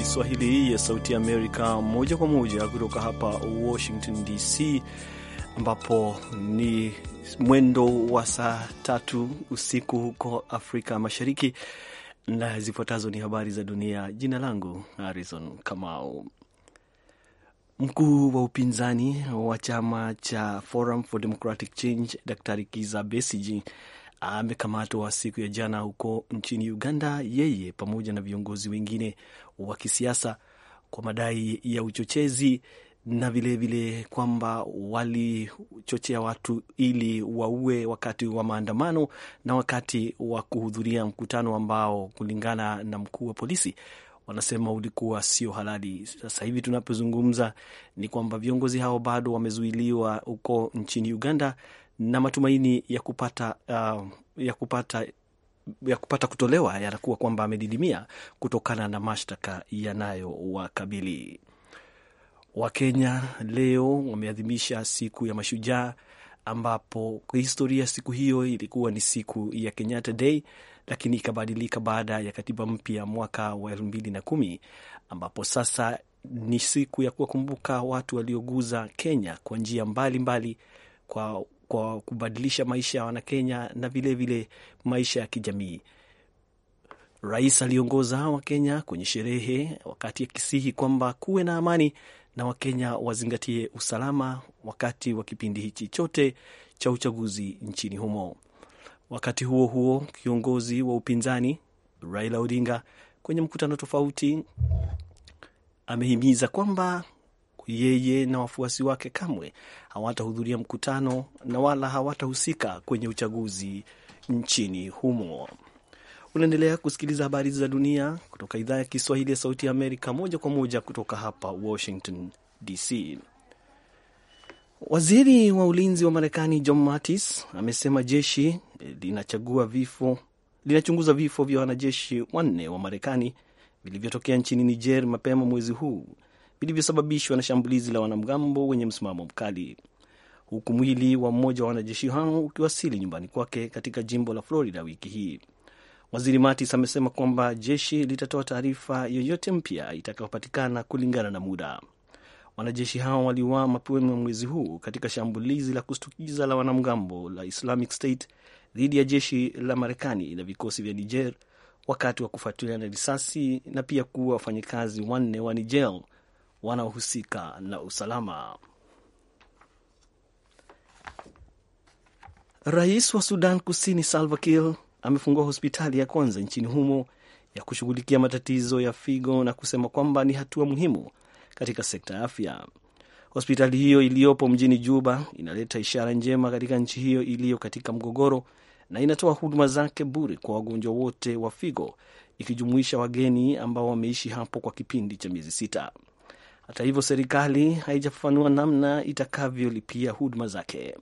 Kiswahili ya Sauti ya Amerika moja kwa moja kutoka hapa Washington DC, ambapo ni mwendo wa saa tatu usiku huko Afrika Mashariki, na zifuatazo ni habari za dunia. Jina langu Harrison Kamau. Mkuu wa upinzani wa chama cha Forum for Democratic Change Daktari Kiza Besigye amekamatwa siku ya jana huko nchini Uganda, yeye pamoja na viongozi wengine wa kisiasa kwa madai ya uchochezi na vilevile kwamba walichochea watu ili waue wakati wa maandamano na wakati wa kuhudhuria mkutano ambao kulingana na mkuu wa polisi wanasema ulikuwa sio halali. Sasa hivi tunapozungumza ni kwamba viongozi hao bado wamezuiliwa huko nchini Uganda na matumaini ya kupata, uh, ya kupata ya kupata kutolewa yanakuwa kwamba amedidimia kutokana na mashtaka yanayowakabili. Wakenya leo wameadhimisha siku ya Mashujaa, ambapo kihistoria historia siku hiyo ilikuwa ni siku ya Kenyatta Day lakini ikabadilika baada ya katiba mpya mwaka wa elfu mbili na kumi ambapo sasa ni siku ya kuwakumbuka watu walioguza Kenya kwa njia mbalimbali kwa, kwa kubadilisha maisha ya Wanakenya na vilevile vile maisha ya kijamii. Rais aliongoza Wakenya kwenye sherehe wakati akisihi kwamba kuwe na amani na Wakenya wazingatie usalama wakati wa kipindi hichi chote cha uchaguzi nchini humo. Wakati huo huo, kiongozi wa upinzani Raila Odinga kwenye mkutano tofauti amehimiza kwamba yeye na wafuasi wake kamwe hawatahudhuria mkutano na wala hawatahusika kwenye uchaguzi nchini humo. Unaendelea kusikiliza habari za dunia kutoka idhaa ya Kiswahili ya Sauti ya Amerika, moja kwa moja kutoka hapa Washington DC. Waziri wa ulinzi wa Marekani John Mattis amesema jeshi linachagua vifo linachunguza vifo vya wanajeshi wanne wa Marekani vilivyotokea nchini Niger mapema mwezi huu vilivyosababishwa na shambulizi la wanamgambo wenye msimamo mkali, huku mwili wa mmoja wa wanajeshi hao ukiwasili nyumbani kwake katika jimbo la Florida wiki hii. Waziri Mattis amesema kwamba jeshi litatoa taarifa yoyote mpya itakayopatikana kulingana na muda. Wanajeshi hao waliuawa mapema mwezi huu katika shambulizi la kushtukiza la wanamgambo la Islamic State dhidi ya jeshi la Marekani na vikosi vya Niger wakati wa kufuatiliana risasi na pia kuwa wafanyakazi wanne wa Niger wanaohusika na usalama. Rais wa Sudan Kusini Salva Kiir amefungua hospitali ya kwanza nchini humo ya kushughulikia matatizo ya figo na kusema kwamba ni hatua muhimu katika sekta ya afya. Hospitali hiyo iliyopo mjini Juba inaleta ishara njema katika nchi hiyo iliyo katika mgogoro na inatoa huduma zake bure kwa wagonjwa wote wa figo ikijumuisha wageni ambao wameishi hapo kwa kipindi cha miezi sita. Hata hivyo, serikali haijafafanua namna itakavyolipia huduma zake.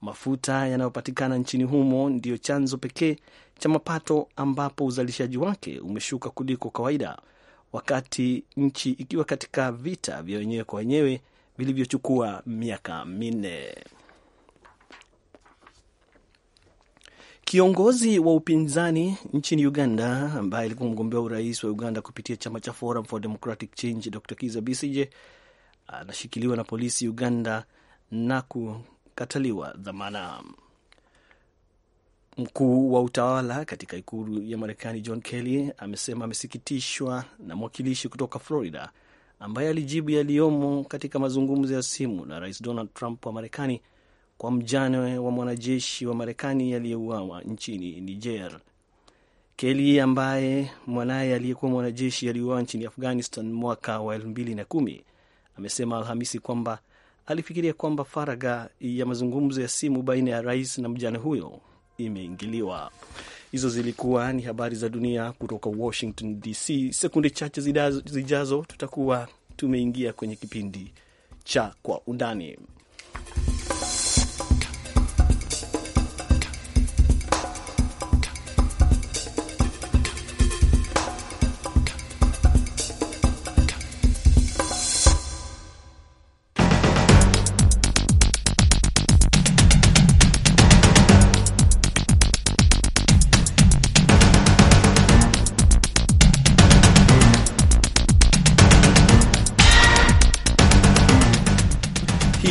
Mafuta yanayopatikana nchini humo ndiyo chanzo pekee cha mapato, ambapo uzalishaji wake umeshuka kuliko kawaida wakati nchi ikiwa katika vita vya wenyewe kwa wenyewe vilivyochukua miaka minne. Kiongozi wa upinzani nchini Uganda ambaye alikuwa mgombea urais wa Uganda kupitia chama cha Forum for Democratic Change, Dr Kiza Bisije anashikiliwa na polisi Uganda na kukataliwa dhamana. Mkuu wa utawala katika ikulu ya Marekani John Kelly amesema amesikitishwa na mwakilishi kutoka Florida ambaye alijibu yaliyomo katika mazungumzo ya simu na Rais Donald Trump wa Marekani kwa mjane wa mwanajeshi wa Marekani aliyeuawa nchini Niger. Kelly ambaye mwanaye aliyekuwa mwanajeshi aliuawa nchini Afghanistan mwaka wa kumi amesema Alhamisi kwamba alifikiria kwamba faragha ya mazungumzo ya simu baina ya rais na mjane huyo imeingiliwa. Hizo zilikuwa ni habari za dunia kutoka Washington DC. Sekunde chache zijazo, tutakuwa tumeingia kwenye kipindi cha Kwa Undani.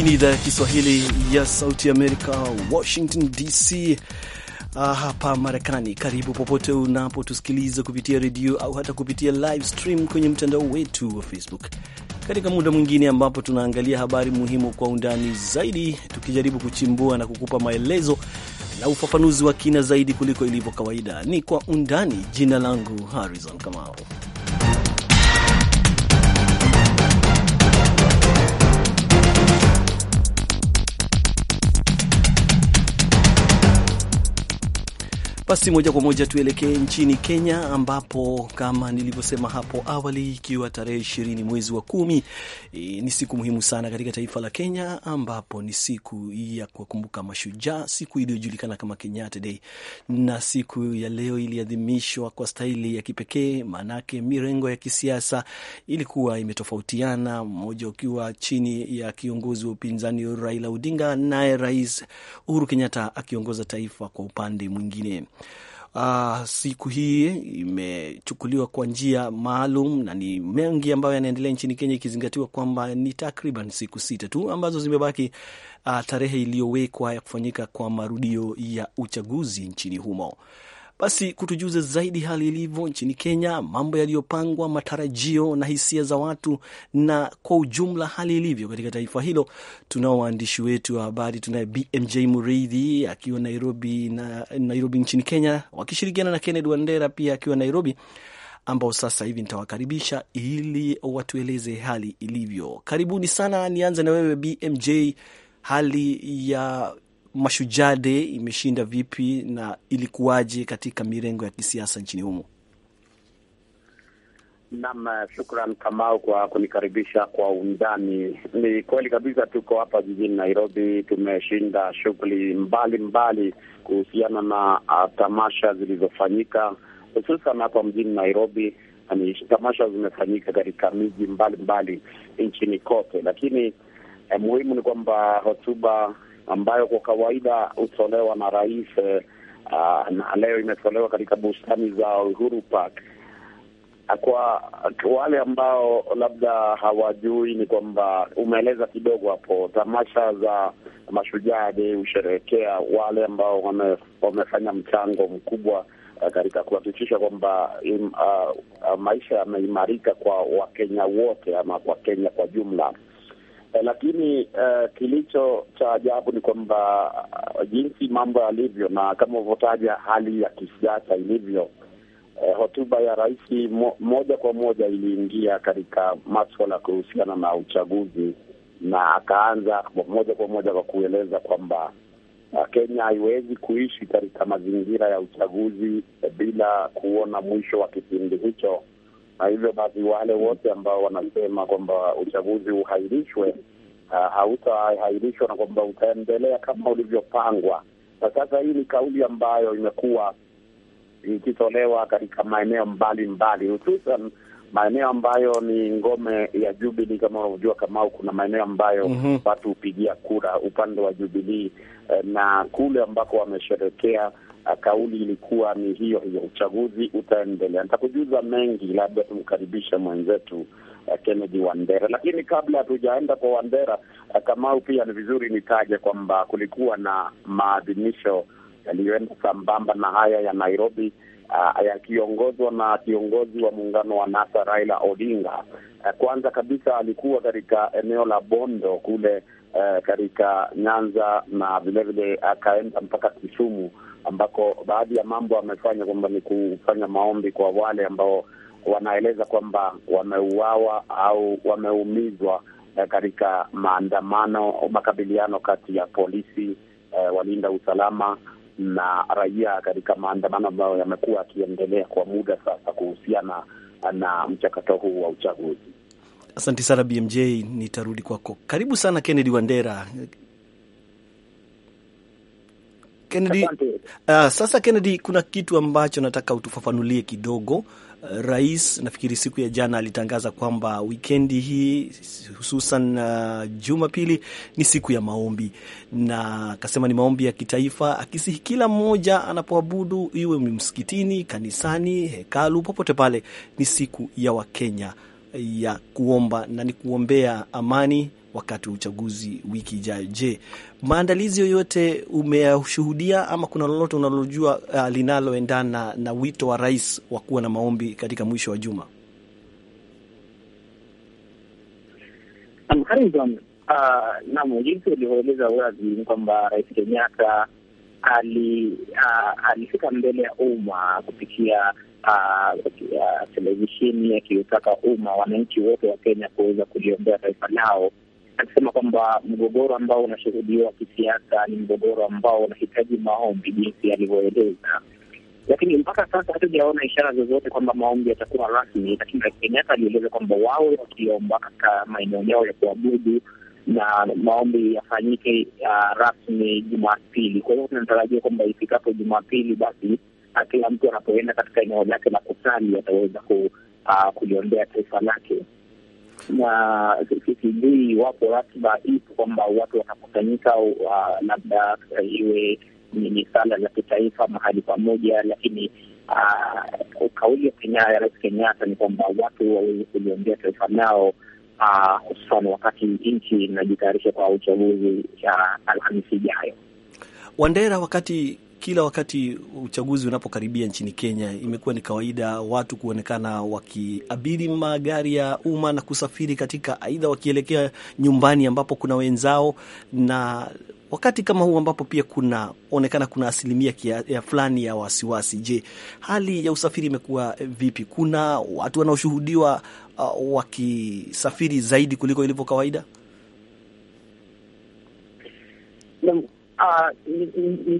ni idhaa ya Kiswahili ya Sauti Amerika, Washington DC, ah, hapa Marekani. Karibu popote unapotusikiliza kupitia redio au hata kupitia live stream kwenye mtandao wetu wa Facebook, katika muda mwingine ambapo tunaangalia habari muhimu kwa undani zaidi, tukijaribu kuchimbua na kukupa maelezo na ufafanuzi wa kina zaidi kuliko ilivyo kawaida. Ni Kwa Undani. Jina langu Harrison Kamau. Basi moja kwa moja tuelekee nchini Kenya, ambapo kama nilivyosema hapo awali, ikiwa tarehe ishirini mwezi wa kumi e, ni siku muhimu sana katika taifa la Kenya, ambapo ni siku ya kuwakumbuka mashujaa, siku iliyojulikana kama Kenyatta Day, na siku ya leo iliadhimishwa kwa staili ya kipekee, maanake mirengo ya kisiasa ilikuwa imetofautiana, mmoja ukiwa chini ya kiongozi wa upinzani Raila Odinga, naye Rais Uhuru Kenyatta akiongoza taifa kwa upande mwingine. Uh, siku hii imechukuliwa kwa njia maalum na ni mengi ambayo yanaendelea nchini Kenya, ikizingatiwa kwamba ni takriban siku sita tu ambazo zimebaki, uh, tarehe iliyowekwa ya kufanyika kwa marudio ya uchaguzi nchini humo basi kutujuze zaidi hali ilivyo nchini Kenya, mambo yaliyopangwa, matarajio na hisia za watu, na kwa ujumla hali ilivyo katika taifa hilo. Tunao waandishi wetu wa habari, tunaye BMJ Muridhi akiwa Nairobi na, Nairobi nchini Kenya, wakishirikiana na Kenneth Wandera pia akiwa Nairobi, ambao sasa hivi nitawakaribisha ili watueleze hali ilivyo. Karibuni sana. Nianze na wewe BMJ, hali ya Mashujade imeshinda vipi na ilikuwaje katika mirengo ya kisiasa nchini humo? Naam, eh, shukran Kamau kwa kunikaribisha kwa undani. Ni kweli kabisa, tuko hapa jijini Nairobi. Tumeshinda shughuli mbalimbali kuhusiana na ah, tamasha zilizofanyika hususan hapa mjini Nairobi. Ni tamasha zimefanyika katika miji mbalimbali nchini kote, lakini eh, muhimu ni kwamba hotuba ambayo kwa kawaida hutolewa na rais uh, na leo imetolewa katika bustani za Uhuru Park. Ah, kwa wale ambao labda hawajui, ni kwamba umeeleza kidogo hapo, tamasha za Mashujaa Dei husherehekea wale ambao wame, wamefanya mchango mkubwa eh, katika kuhakikisha kwamba uh, uh, maisha yameimarika kwa Wakenya wote ama kwa Kenya kwa jumla. Eh, lakini eh, kilicho cha ajabu ni kwamba eh, jinsi mambo yalivyo na kama ulivyotaja hali ya kisiasa ilivyo, eh, hotuba ya rais mo, moja kwa moja iliingia katika maswala kuhusiana na uchaguzi na akaanza moja kwa moja kwa kueleza kwamba eh, Kenya haiwezi kuishi katika mazingira ya uchaguzi bila kuona mwisho wa kipindi hicho na hivyo basi wale wote ambao wanasema kwamba uchaguzi uhairishwe ah, hautahairishwa na kwamba utaendelea kama ulivyopangwa. Na sasa hii ni kauli ambayo imekuwa ikitolewa katika maeneo mbalimbali, hususan maeneo ambayo ni ngome ya Jubilii. Kama unavyojua, Kamau, kuna maeneo ambayo mm -hmm. watu hupigia kura upande wa Jubilii eh, na kule ambako wamesherekea Ah, kauli ilikuwa ni hiyo hiyo, uchaguzi utaendelea. Nitakujuza mengi, labda tumkaribishe mwenzetu uh, Kennedy Wandera. Lakini kabla hatujaenda kwa Wandera, ah, Kamau, pia ni vizuri nitaje kwamba kulikuwa na maadhimisho yaliyoenda sambamba na haya ya Nairobi, uh, yakiongozwa na kiongozi wa muungano wa NASA Raila Odinga. Uh, kwanza kabisa alikuwa katika eneo la Bondo kule, uh, katika Nyanza na vilevile akaenda mpaka Kisumu ambako baadhi ya mambo amefanya kwamba ni kufanya maombi kwa wale ambao wanaeleza kwamba wameuawa au wameumizwa eh, katika maandamano, makabiliano kati ya polisi eh, walinda usalama na raia katika maandamano ambayo yamekuwa yakiendelea kwa muda sasa kuhusiana na mchakato huu wa uchaguzi. Asante sana BMJ, nitarudi kwako. Karibu sana Kennedy Wandera. Kennedy, uh, sasa Kennedy, kuna kitu ambacho nataka utufafanulie kidogo. Uh, rais nafikiri siku ya jana alitangaza kwamba wikendi hii hususan uh, Jumapili ni siku ya maombi, na akasema ni maombi ya kitaifa, akisihi kila mmoja anapoabudu, iwe msikitini, kanisani, hekalu, popote pale, ni siku ya Wakenya ya kuomba na ni kuombea amani wakati wa uchaguzi wiki ijayo. Je, maandalizi yoyote umeyashuhudia ama kuna lolote unalojua uh, linaloendana na wito wa rais wa kuwa na maombi katika mwisho wa juma? Harrison, uh, jinsi ulivyoeleza wazi ni kwamba Rais Kenyatta uh, alifika mbele ya umma kupitia uh, televisheni akiutaka umma, wananchi wote wa Kenya kuweza kuliombea taifa lao, akisema kwamba mgogoro ambao unashuhudiwa kisiasa ni mgogoro ambao unahitaji maombi, jinsi alivyoeleza lakini mpaka sasa hatujaona ishara zozote kwamba maombi yatakuwa rasmi, lakini Rais Kenyatta alieleza kwamba wawe wakiomba katika maeneo yao ya kuabudu na maombi yafanyike uh, rasmi Jumapili. Kwa hiyo tunatarajia kwamba ifikapo Jumapili basi kila mtu anapoenda katika eneo lake la kusali ataweza ku, uh, kuliombea taifa lake, na sijui iwapo ratiba ipo kwamba watu watakusanyika ah, labda iwe ni sala za kitaifa mahali pamoja, lakini uh, kauli ya Kenya ya Rais Kenyatta ni kwamba watu waweze kuliombea taifa lao hususan uh, wakati nchi inajitayarisha kwa uchaguzi ya Alhamisi ijayo. Wandera, wakati kila wakati uchaguzi unapokaribia nchini Kenya, imekuwa ni kawaida watu kuonekana wakiabiri magari ya umma na kusafiri katika, aidha wakielekea nyumbani ambapo kuna wenzao, na wakati kama huu ambapo pia kunaonekana kuna asilimia ya fulani ya wasiwasi. Je, hali ya usafiri imekuwa vipi? Kuna watu wanaoshuhudiwa uh, wakisafiri zaidi kuliko ilivyo kawaida? Ah, ni,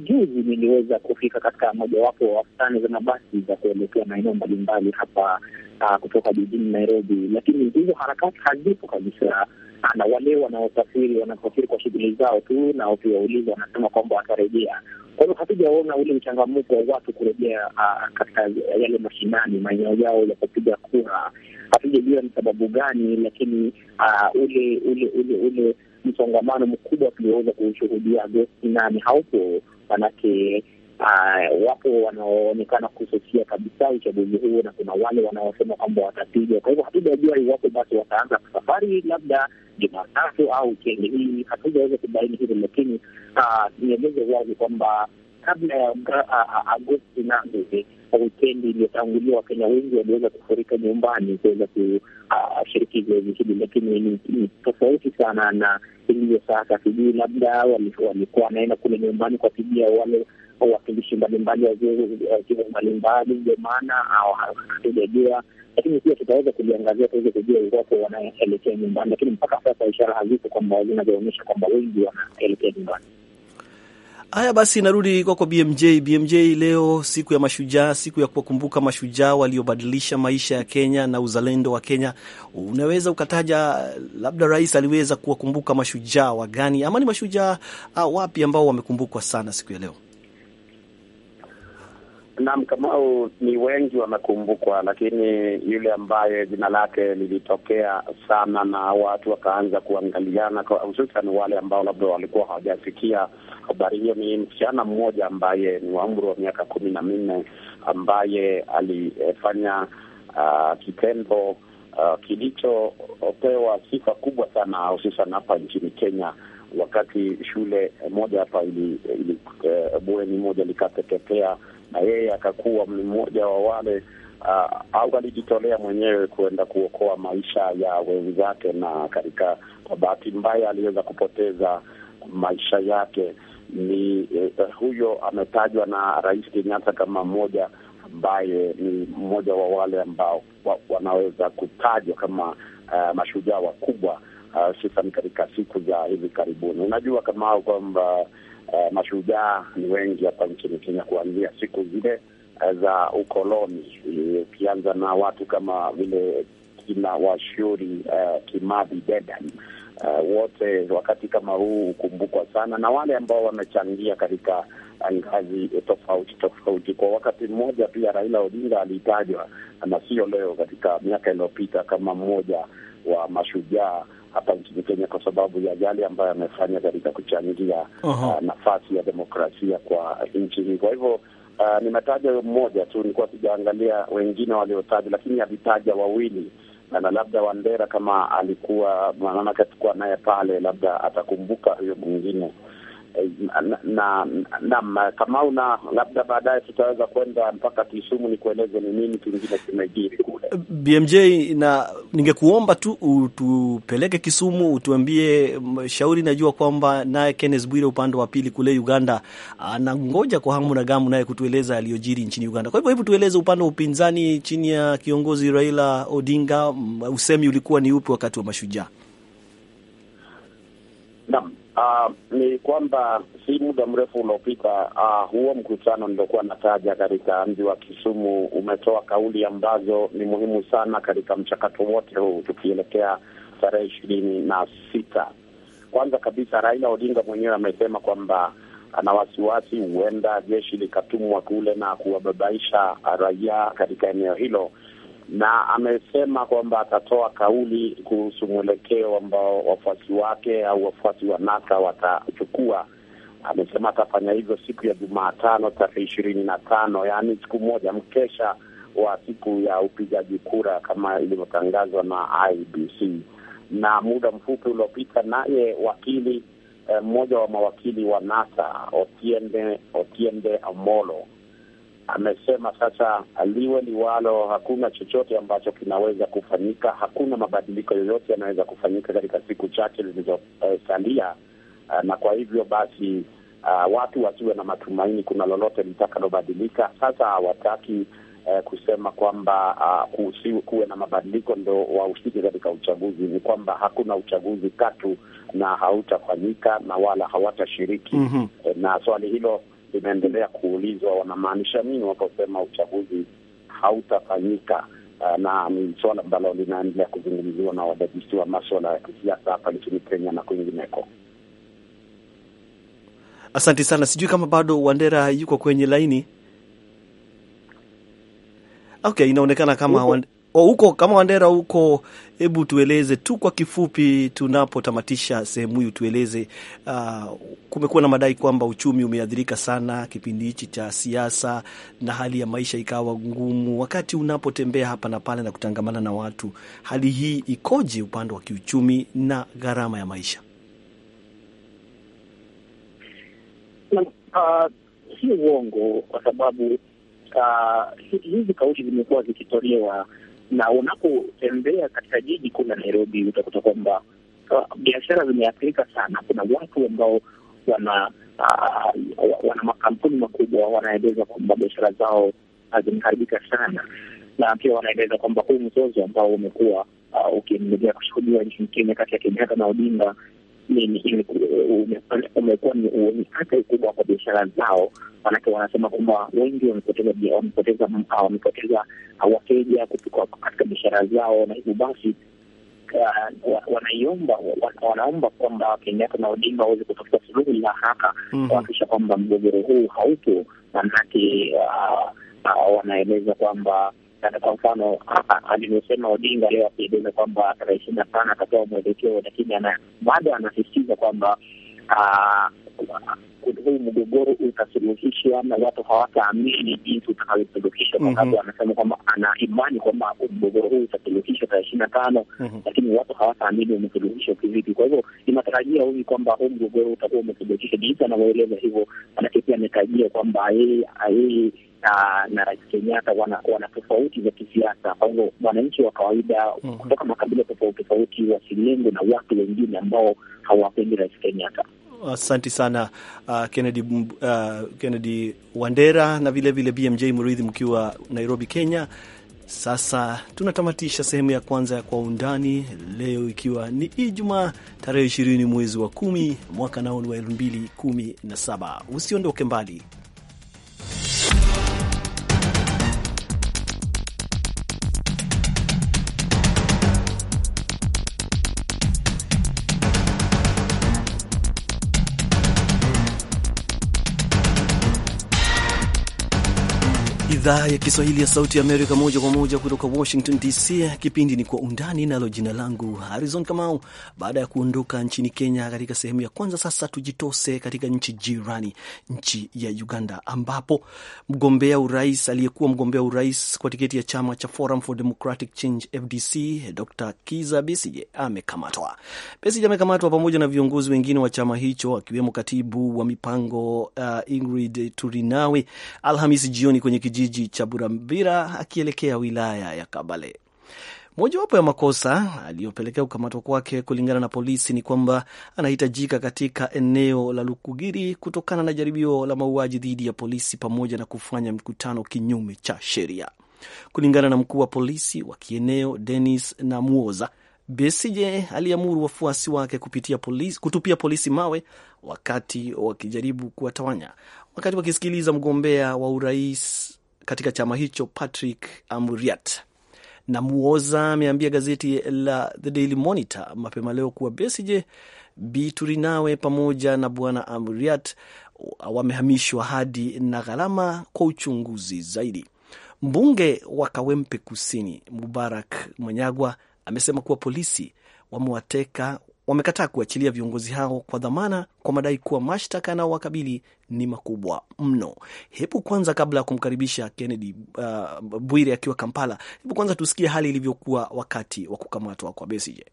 juzi niliweza kufika katika mojawapo wa wastani za mabasi za kuelekea maeneo mbalimbali hapa uh, kutoka jijini Nairobi, lakini hizo harakati hazipo kabisa, ah, na wale wanaosafiri wanasafiri kwa shughuli zao tu, na ukiwauliza wanasema kwamba watarejea. Kwa hiyo hatujaona ule uchangamfu wa watu kurejea uh, katika yale mashinani, maeneo yao ya kupiga kura hatujajua ni sababu gani, lakini uh, ule ule ule ule msongamano mkubwa tulioweza kuushuhudia Agosti nane haupo, manake Uh, wapo wanaoonekana kususia kabisa uchaguzi huo na kuna wale wanaosema kwamba watapigwa. Kwa hivyo hatujajua iwapo basi wataanza safari labda Jumatatu au wikendi hii, hatujaweza kubaini hilo, lakini uh, nieleze wazi kwamba kabla ya uh, Agosti nane wikendi iliyotangulia Wakenya wengi waliweza kufurika nyumbani kuweza kushiriki ah, zoezi hili, lakini ni tofauti sana na ilivyo sasa. Sijui labda walikuwa wanaenda kule nyumbani kwa kuwapigia wale wawakilishi mbalimbali wa mbalimbali, ndio maana ah, hatujajua, lakini pia tutaweza kuliangazia tuweze kujua iwapo wanaelekea nyumbani, lakini mpaka sasa ishara hazipo kwamba zinazoonyesha kwamba wengi wanaelekea nyumbani. Haya basi, narudi kwako BMJ. BMJ, leo siku ya mashujaa, siku ya kuwakumbuka mashujaa waliobadilisha maisha ya Kenya na uzalendo wa Kenya. Unaweza ukataja labda rais aliweza kuwakumbuka mashujaa wagani ama ni mashujaa ah, wapi ambao wamekumbukwa sana siku ya leo? Naam, Kamau, ni wengi wamekumbukwa, lakini yule ambaye jina lake lilitokea sana na watu wakaanza kuangaliana, hususan wale ambao labda walikuwa hawajasikia habari hiyo, ni msichana mmoja ambaye ni wa umri wa miaka kumi na minne ambaye alifanya uh, kitendo uh, kilichopewa sifa kubwa sana hususan hapa nchini Kenya wakati shule moja hapa ili, ili, uh, bweni moja likateketea na yeye akakuwa ni mmoja wa wale Uh, au alijitolea mwenyewe kuenda kuokoa maisha ya wenzake, na katika bahati mbaya aliweza kupoteza maisha yake. Ni eh, huyo ametajwa na Rais Kenyatta kama mmoja ambaye ni mmoja wa wale ambao wa, wanaweza kutajwa kama uh, mashujaa wakubwa uh, hususan uh, katika siku za hivi karibuni. Unajua kama kwamba uh, mashujaa ni wengi hapa nchini Kenya kuanzia siku zile eh, za ukoloni, ukianza na watu kama vile kina Washuri uh, Kimathi Dedan uh, wote wakati kama huu hukumbukwa sana na wale ambao wamechangia katika ngazi tofauti tofauti. Kwa wakati mmoja pia Raila Odinga alitajwa na sio leo, katika miaka iliyopita kama mmoja wa mashujaa hapa nchini Kenya kwa sababu ya yale ambayo amefanya katika kuchangia uh -huh. uh, nafasi ya demokrasia kwa nchi hii. Kwa hivyo uh, nimetaja mmoja tu, nilikuwa sijaangalia wengine waliotaja, lakini alitaja wawili na labda Wandera kama alikuwa manamake tukuwa naye pale, labda atakumbuka huyo mwingine na, na, na Kamau na labda baadaye tutaweza kwenda mpaka Kisumu ni kueleze ni nini kingine kimejiri kule BMJ, na ningekuomba tu utupeleke Kisumu, utuambie shauri. Najua kwamba naye Kenneth Bwire upande wa pili kule Uganda anangoja kwa hamu na gamu naye kutueleza aliyojiri nchini Uganda. Kwa hivyo, hebu tueleze upande wa upinzani chini ya kiongozi Raila Odinga, usemi ulikuwa ni upi wakati wa Mashujaa? Naam. Uh, ni kwamba si muda mrefu uliopita uh, huo mkutano niliokuwa nataja katika mji wa Kisumu umetoa kauli ambazo ni muhimu sana katika mchakato wote huu tukielekea tarehe ishirini na sita. Kwanza kabisa, Raila Odinga mwenyewe amesema kwamba ana wasiwasi huenda jeshi likatumwa kule na kuwababaisha raia katika eneo hilo na amesema kwamba atatoa kauli kuhusu mwelekeo ambao wafuasi wake au wafuasi wa NASA watachukua. Amesema atafanya hivyo siku ya Jumatano tarehe ishirini na tano, yaani siku moja mkesha wa siku ya upigaji kura kama ilivyotangazwa na IBC. Na muda mfupi uliopita, naye wakili eh, mmoja eh, wa mawakili wa NASA Otiende Otiende Amolo amesema sasa liwe liwalo, hakuna chochote ambacho kinaweza kufanyika, hakuna mabadiliko yoyote yanaweza kufanyika katika siku chache zilizosalia. Uh, na kwa hivyo basi uh, watu wasiwe na matumaini kuna lolote litakalobadilika. Sasa hawataki uh, kusema kwamba uh, kuwe na mabadiliko ndo wahusike katika uchaguzi. Ni kwamba hakuna uchaguzi katu na hautafanyika na wala hawatashiriki. mm -hmm. Na swali hilo vimeendelea kuulizwa wanamaanisha nini waposema uchaguzi hautafanyika. Uh, na ni suala ambalo linaendelea kuzungumziwa na wadadisi wa maswala ya kisiasa hapa nchini Kenya na kwingineko. Asante sana. Sijui kama bado Wandera yuko kwenye laini. Okay, inaonekana kama huko kama Wandera huko, hebu tueleze tu kwa kifupi, tunapotamatisha sehemu hii, tueleze uh, kumekuwa na madai kwamba uchumi umeathirika sana kipindi hichi cha siasa na hali ya maisha ikawa ngumu. Wakati unapotembea hapa na pale na kutangamana na watu, hali hii ikoje upande wa kiuchumi na gharama ya maisha? Uh, si uongo kwa sababu uh, hizi kauli zimekuwa zikitolewa na unapotembea katika jiji kuu la Nairobi utakuta kwamba uh, biashara zimeathirika sana. Kuna watu ambao wana uh, wana makampuni makubwa wanaeleza kwamba biashara zao zimeharibika sana, na pia wanaeleza kwamba huu mzozo ambao umekuwa uh, ukiendelea kushuhudiwa nchini Kenya kati ya Kenyatta na Odinga umekuwa ni hata ukubwa kwa biashara zao, manake wanasema kwamba wengi wamepoteza ah, ah, wateja katika biashara zao, na hivyo basi ah, wanaiomba wanaomba kwamba Kenyatta na Odinga waweze kutafuta suluhu la haraka mhm. kuhakikisha kwamba mgogoro huu haupo, manake wanaeleza kwamba kwa mfano alivyosema Odinga leo akieleza kwamba tarehe ishirini na tano atatoa mwelekeo, lakini bado anasisitiza kwamba huu mgogoro utasuluhishwa na watu hawataamini jinsi utakavyosuluhishwa, kwa sababu mhm. anasema kwamba ana imani kwamba mgogoro huu utasuluhishwa tarehe ishirini na tano, mhm. lakini watu hawataamini umesuluhishwa kivipi. Kwa hivyo inatarajia huyu kwamba huu mgogoro utakuwa umesuluhishwa jinsi anavyoeleza hivyo, manake pia ametajia kwamba yeye na Rais Kenyatta wana, wana tofauti za kisiasa. Kwa hivyo wananchi wa kawaida mhm. kutoka makabila tofauti tofauti wasilengwe na watu wengine ambao hawapendi Rais Kenyatta asanti sana uh, Kennedy, uh, Kennedy Wandera na vilevile vile BMJ Muridhi mkiwa Nairobi, Kenya. Sasa tunatamatisha sehemu ya kwanza ya Kwa Undani leo ikiwa ni Ijumaa tarehe ishirini mwezi wa kumi mwaka naoni wa saba. Usiondoke mbali. idhaa ya Kiswahili ya Sauti ya Amerika, moja kwa moja kutoka Washington DC. Kipindi ni Kwa Undani, nalo jina langu Harizon Kamau. Baada ya kuondoka nchini Kenya katika sehemu ya kwanza, sasa tujitose katika nchi jirani, nchi ya Uganda, ambapo mgombea urais aliyekuwa mgombea urais kwa tiketi ya chama cha Forum for Democratic Change FDC, Dr Kiza Besije amekamatwa. Besije amekamatwa pamoja na viongozi wengine wa chama hicho akiwemo katibu wa mipango uh, Ingrid Turinawe Alhamisi jioni kwenye kijiji kijiji cha Burambira akielekea wilaya ya Kabale. Mojawapo ya makosa aliyopelekea kukamatwa kwake kulingana na polisi ni kwamba anahitajika katika eneo la Lukugiri kutokana na jaribio la mauaji dhidi ya polisi pamoja na kufanya mkutano kinyume cha sheria. Kulingana na mkuu wa polisi wa kieneo Denis Namuoza, Besije aliamuru wafuasi wake kupitia polisi, kutupia polisi mawe wakati wakijaribu kuwatawanya, wakati wakisikiliza mgombea wa urais katika chama hicho Patrick Amuriat na Muoza ameambia gazeti la The Daily Monitor mapema leo kuwa besije Biturinawe pamoja na bwana Amuriat wamehamishwa hadi na gharama kwa uchunguzi zaidi. Mbunge wa Kawempe Kusini Mubarak Mwenyagwa amesema kuwa polisi wamewateka wamekataa kuachilia viongozi hao kwa dhamana kwa madai kuwa mashtaka yanayowakabili ni makubwa mno. Hebu kwanza, kabla ya kumkaribisha Kennedy uh, Bwire akiwa Kampala, hebu kwanza tusikie hali ilivyokuwa wakati wa kukamatwa kwa Besigye.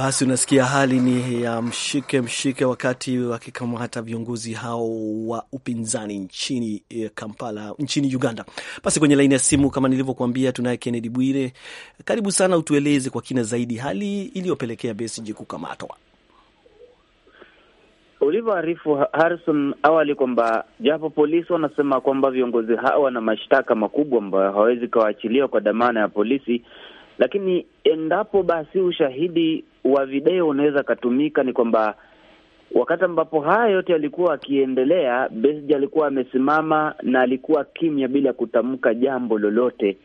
Basi unasikia hali ni ya mshike mshike, wakati wakikamata viongozi hao wa upinzani nchini eh, Kampala, nchini Uganda. Basi kwenye laini ya simu kama nilivyokuambia, tunaye Kennedy Bwire. Karibu sana, utueleze kwa kina zaidi hali iliyopelekea Besigye kukamatwa. Ulivyoarifu Harrison awali kwamba japo polisi wanasema kwamba viongozi hao wana mashtaka makubwa ambayo hawawezi kawaachiliwa kwa dhamana ya polisi, lakini endapo basi ushahidi wa video unaweza katumika ni kwamba wakati ambapo haya yote yalikuwa akiendelea, Besigye alikuwa amesimama na alikuwa kimya bila kutamka jambo lolote.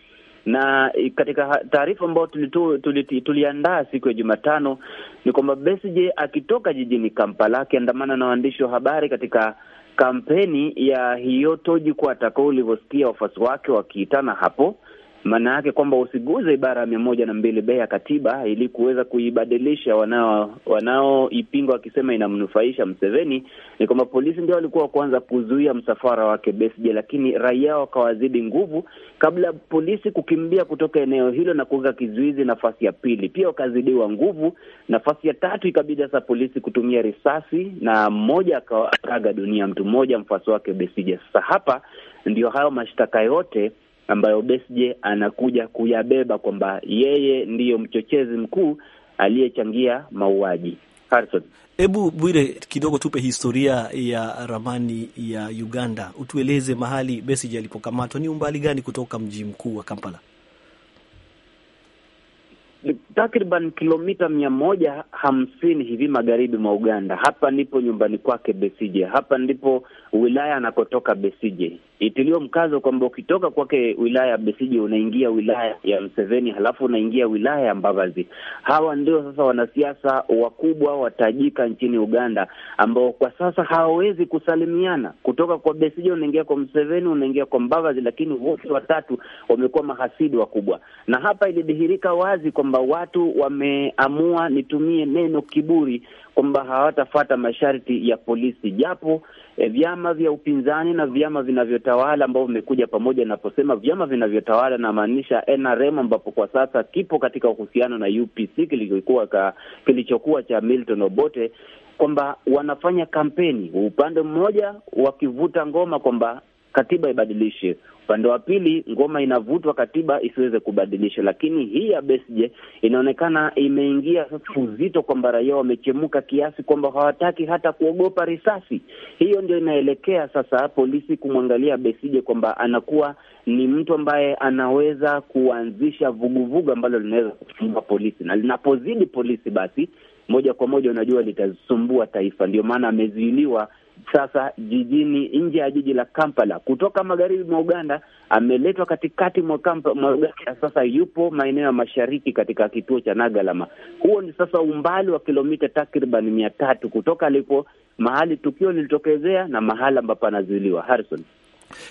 Na katika taarifa ambayo tuliandaa tuli, tuli, siku ya Jumatano ni kwamba Besigye akitoka jijini Kampala akiandamana na waandishi wa habari katika kampeni ya hiyo toji kwa atakao ulivyosikia wafuasi wake wakiitana hapo maana yake kwamba usiguze ibara ya mia moja na mbili be ya katiba ili kuweza kuibadilisha. Wanao wanaoipinga wakisema inamnufaisha Mseveni ni kwamba polisi ndio walikuwa wa kwanza kuzuia msafara wake Besigye, lakini raia wakawazidi nguvu kabla polisi kukimbia kutoka eneo hilo na kuweka kizuizi nafasi ya pili. Pia wakazidiwa nguvu, nafasi ya tatu ikabidi sasa polisi kutumia risasi na mmoja akaaga dunia, mtu mmoja mfuasi wake Besigye. Sasa hapa ndio hayo mashtaka yote ambayo Besje anakuja kuyabeba kwamba yeye ndiyo mchochezi mkuu aliyechangia mauaji. Harrison, hebu Bwire kidogo tupe historia ya ramani ya Uganda, utueleze mahali Besje alipokamatwa ni umbali gani kutoka mji mkuu wa Kampala? Takriban kilomita mia moja hamsini hivi magharibi mwa Uganda. Hapa ndipo nyumbani kwake Besije, hapa ndipo wilaya anakotoka Besije itiliwa mkazo kwamba ukitoka kwake wilaya ya Besije unaingia wilaya ya Mseveni, halafu unaingia wilaya ya Mbavazi. Hawa ndio sasa wanasiasa wakubwa watajika nchini Uganda, ambao kwa sasa hawawezi kusalimiana. Kutoka kwa Besije unaingia kwa Mseveni, unaingia kwa Mbavazi, lakini wote watatu wamekuwa mahasidi wakubwa, na hapa ilidhihirika wazi kwamba watu wameamua, nitumie neno kiburi, kwamba hawatafata masharti ya polisi, japo e, vyama vya upinzani na vyama vinavyotawala ambao vimekuja pamoja. Inaposema vyama vinavyotawala, namaanisha NRM ambapo kwa sasa kipo katika uhusiano na UPC kilichokuwa kilichokuwa cha Milton Obote, kwamba wanafanya kampeni upande mmoja wakivuta ngoma kwamba katiba ibadilishe, Upande wa pili, ngoma inavutwa katiba isiweze kubadilisha, lakini hii ya Besigye inaonekana imeingia sasa uzito kwamba raia wamechemuka kiasi kwamba hawataki hata kuogopa risasi. Hiyo ndio inaelekea sasa polisi kumwangalia Besigye kwamba anakuwa ni mtu ambaye anaweza kuanzisha vuguvugu ambalo linaweza kusumbua polisi, na linapozidi polisi, basi moja kwa moja unajua litasumbua taifa. Ndio maana ameziiliwa sasa jijini nje ya jiji la Kampala kutoka magharibi mwa Uganda, ameletwa katikati mwa Uganda. Sasa yupo maeneo ya mashariki katika kituo cha Nagalama. Huo ni sasa umbali wa kilomita takriban mia tatu kutoka alipo mahali tukio lilitokezea na mahali ambapo anazuiliwa. Harrison,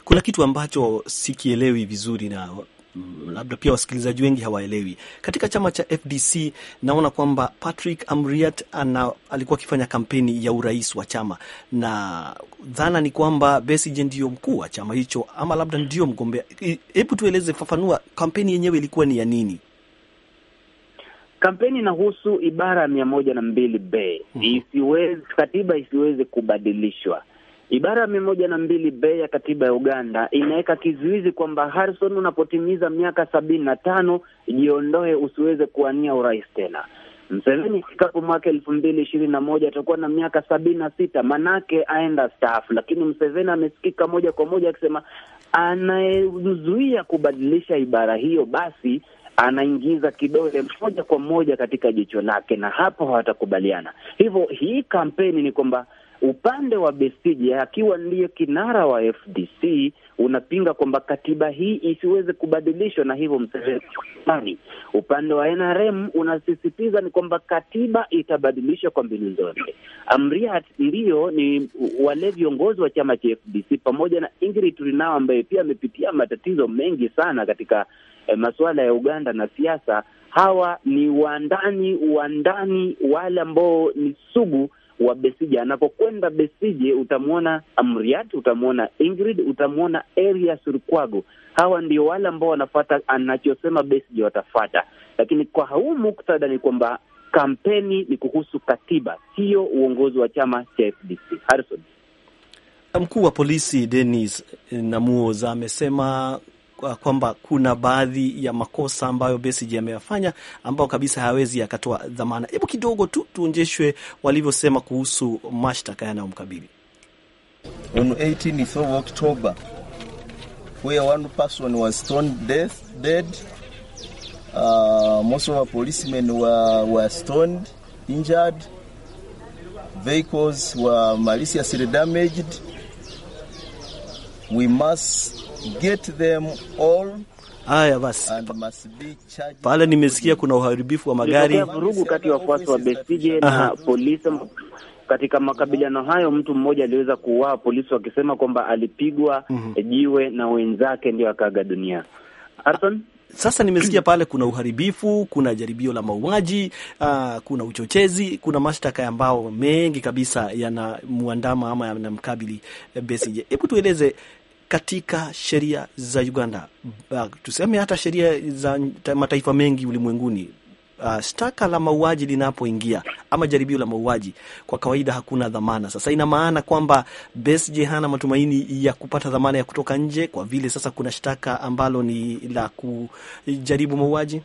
kuna kitu ambacho sikielewi vizuri na Mm, labda pia wasikilizaji wengi hawaelewi. Katika chama cha FDC naona kwamba Patrick Amriat ana, alikuwa akifanya kampeni ya urais wa chama na dhana ni kwamba Besigye ndiyo mkuu wa chama hicho ama labda ndiyo mgombea. Hebu tueleze, fafanua kampeni yenyewe ilikuwa ni ya nini? Kampeni inahusu ibara ya mia moja na mbili b, mm-hmm. isiwezi, katiba isiweze kubadilishwa Ibara ya mia moja na mbili b ya katiba ya Uganda inaweka kizuizi kwamba Harrison, unapotimiza miaka sabini na tano jiondoe, usiweze kuwania urais tena. Mseveni ifikapo mwaka elfu mbili ishirini na moja atakuwa na miaka sabini na sita manake aenda staafu, lakini Mseveni amesikika moja kwa moja akisema anayemzuia kubadilisha ibara hiyo basi anaingiza kidole moja kwa moja katika jicho lake, na hapo hawatakubaliana. Hivyo hii kampeni ni kwamba Upande wa Besigye akiwa ndiye kinara wa FDC unapinga kwamba katiba hii isiweze kubadilishwa na hivyo Museveni. Upande wa NRM unasisitiza ni kwamba katiba itabadilishwa kwa mbinu zote. Amriat ndiyo ni wale viongozi wa chama cha FDC pamoja na Ingrid Turinao ambaye pia amepitia matatizo mengi sana katika eh, masuala ya Uganda na siasa. Hawa ni wandani wandani, wale ambao ni sugu wa Besije. Anapokwenda Besije utamwona Amriat, utamwona Ingrid, utamwona Erias Lukwago. Hawa ndio wale ambao wanafata anachosema Besije watafata, lakini kwa huu muktadha ni kwamba kampeni ni kuhusu katiba, sio uongozi wa chama cha FDC. Harrison Mkuu wa polisi Denis Namuoza amesema kwamba kuna baadhi ya makosa ambayo Besigye ameyafanya ambayo kabisa hawezi akatoa dhamana. Hebu kidogo tu tuonjeshwe walivyosema kuhusu mashtaka yanayomkabili. On 18th of October where one person was dead uh, most of our policemen were, were stoned injured vehicles were maliciously damaged We must get them all. Haya basi, pale nimesikia kuna uharibifu wa magari, vurugu kati ya wafuasi wa Besije na polisi. Katika makabiliano hayo mtu mmoja aliweza kuuawa, polisi wakisema kwamba alipigwa mm -hmm. jiwe na wenzake, ndio akaaga dunia. Arson? Sasa nimesikia pale kuna uharibifu, kuna jaribio la mauaji, uh, kuna uchochezi, kuna mashtaka ambao mengi kabisa yanamwandama ama yanamkabili eh, Besigye. Hebu tueleze katika sheria za Uganda, ah, tuseme hata sheria za mataifa mengi ulimwenguni Uh, shtaka la mauaji linapoingia ama jaribio la mauaji, kwa kawaida hakuna dhamana. Sasa ina maana kwamba Besigye hana matumaini ya kupata dhamana ya kutoka nje, kwa vile sasa kuna shtaka ambalo ni la kujaribu mauaji.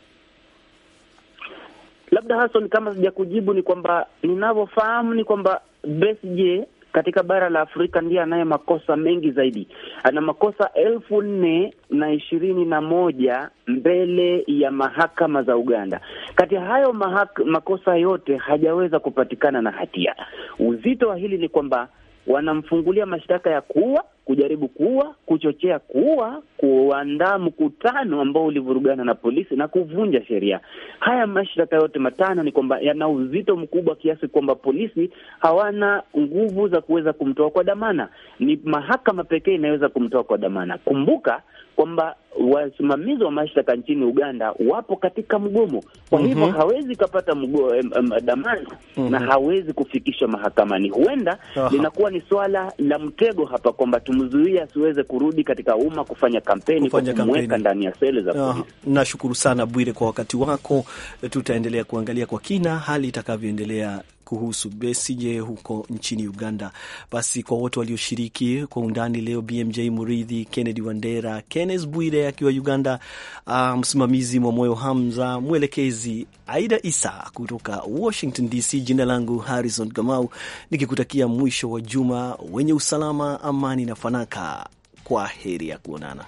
Labda hasoni kama sija kujibu, ni kwamba ninavyofahamu ni kwamba Besigye katika bara la Afrika ndiye anaye makosa mengi zaidi. Ana makosa elfu nne na ishirini na moja mbele ya mahakama za Uganda. Kati ya hayo makosa yote hajaweza kupatikana na hatia. Uzito wa hili ni kwamba wanamfungulia mashtaka ya kuua kujaribu kuua, kuchochea kuua, kuandaa mkutano ambao ulivurugana na polisi na kuvunja sheria. Haya mashtaka yote matano ni kwamba yana uzito mkubwa kiasi kwamba polisi hawana nguvu za kuweza kumtoa kwa dhamana. Ni mahakama pekee inaweza kumtoa kwa dhamana. Kumbuka kwamba wasimamizi wa mashtaka nchini Uganda wapo katika mgomo, kwa mhm. hivyo mm -hmm. hawezi kapata dhamana mm -hmm. na mhm. hawezi kufikishwa mahakamani. Huenda linakuwa ni swala la mtego hapa kwamba tum kumzuia asiweze kurudi katika umma kufanya kampeni kwa kumweka ndani ya sele za ah, polisi. nashukuru sana Bwire kwa wakati wako. Tutaendelea kuangalia kwa kina hali itakavyoendelea kuhusu Besigye huko nchini Uganda. Basi kwa wote walioshiriki kwa undani leo, BMJ Muridhi, Kennedy Wandera, Kenneth Bwire akiwa Uganda, uh, msimamizi mwa moyo Hamza, mwelekezi Aida Isa kutoka Washington DC. Jina langu Harrison Kamau, nikikutakia mwisho wa juma wenye usalama, amani na fanaka. Kwa heri ya kuonana.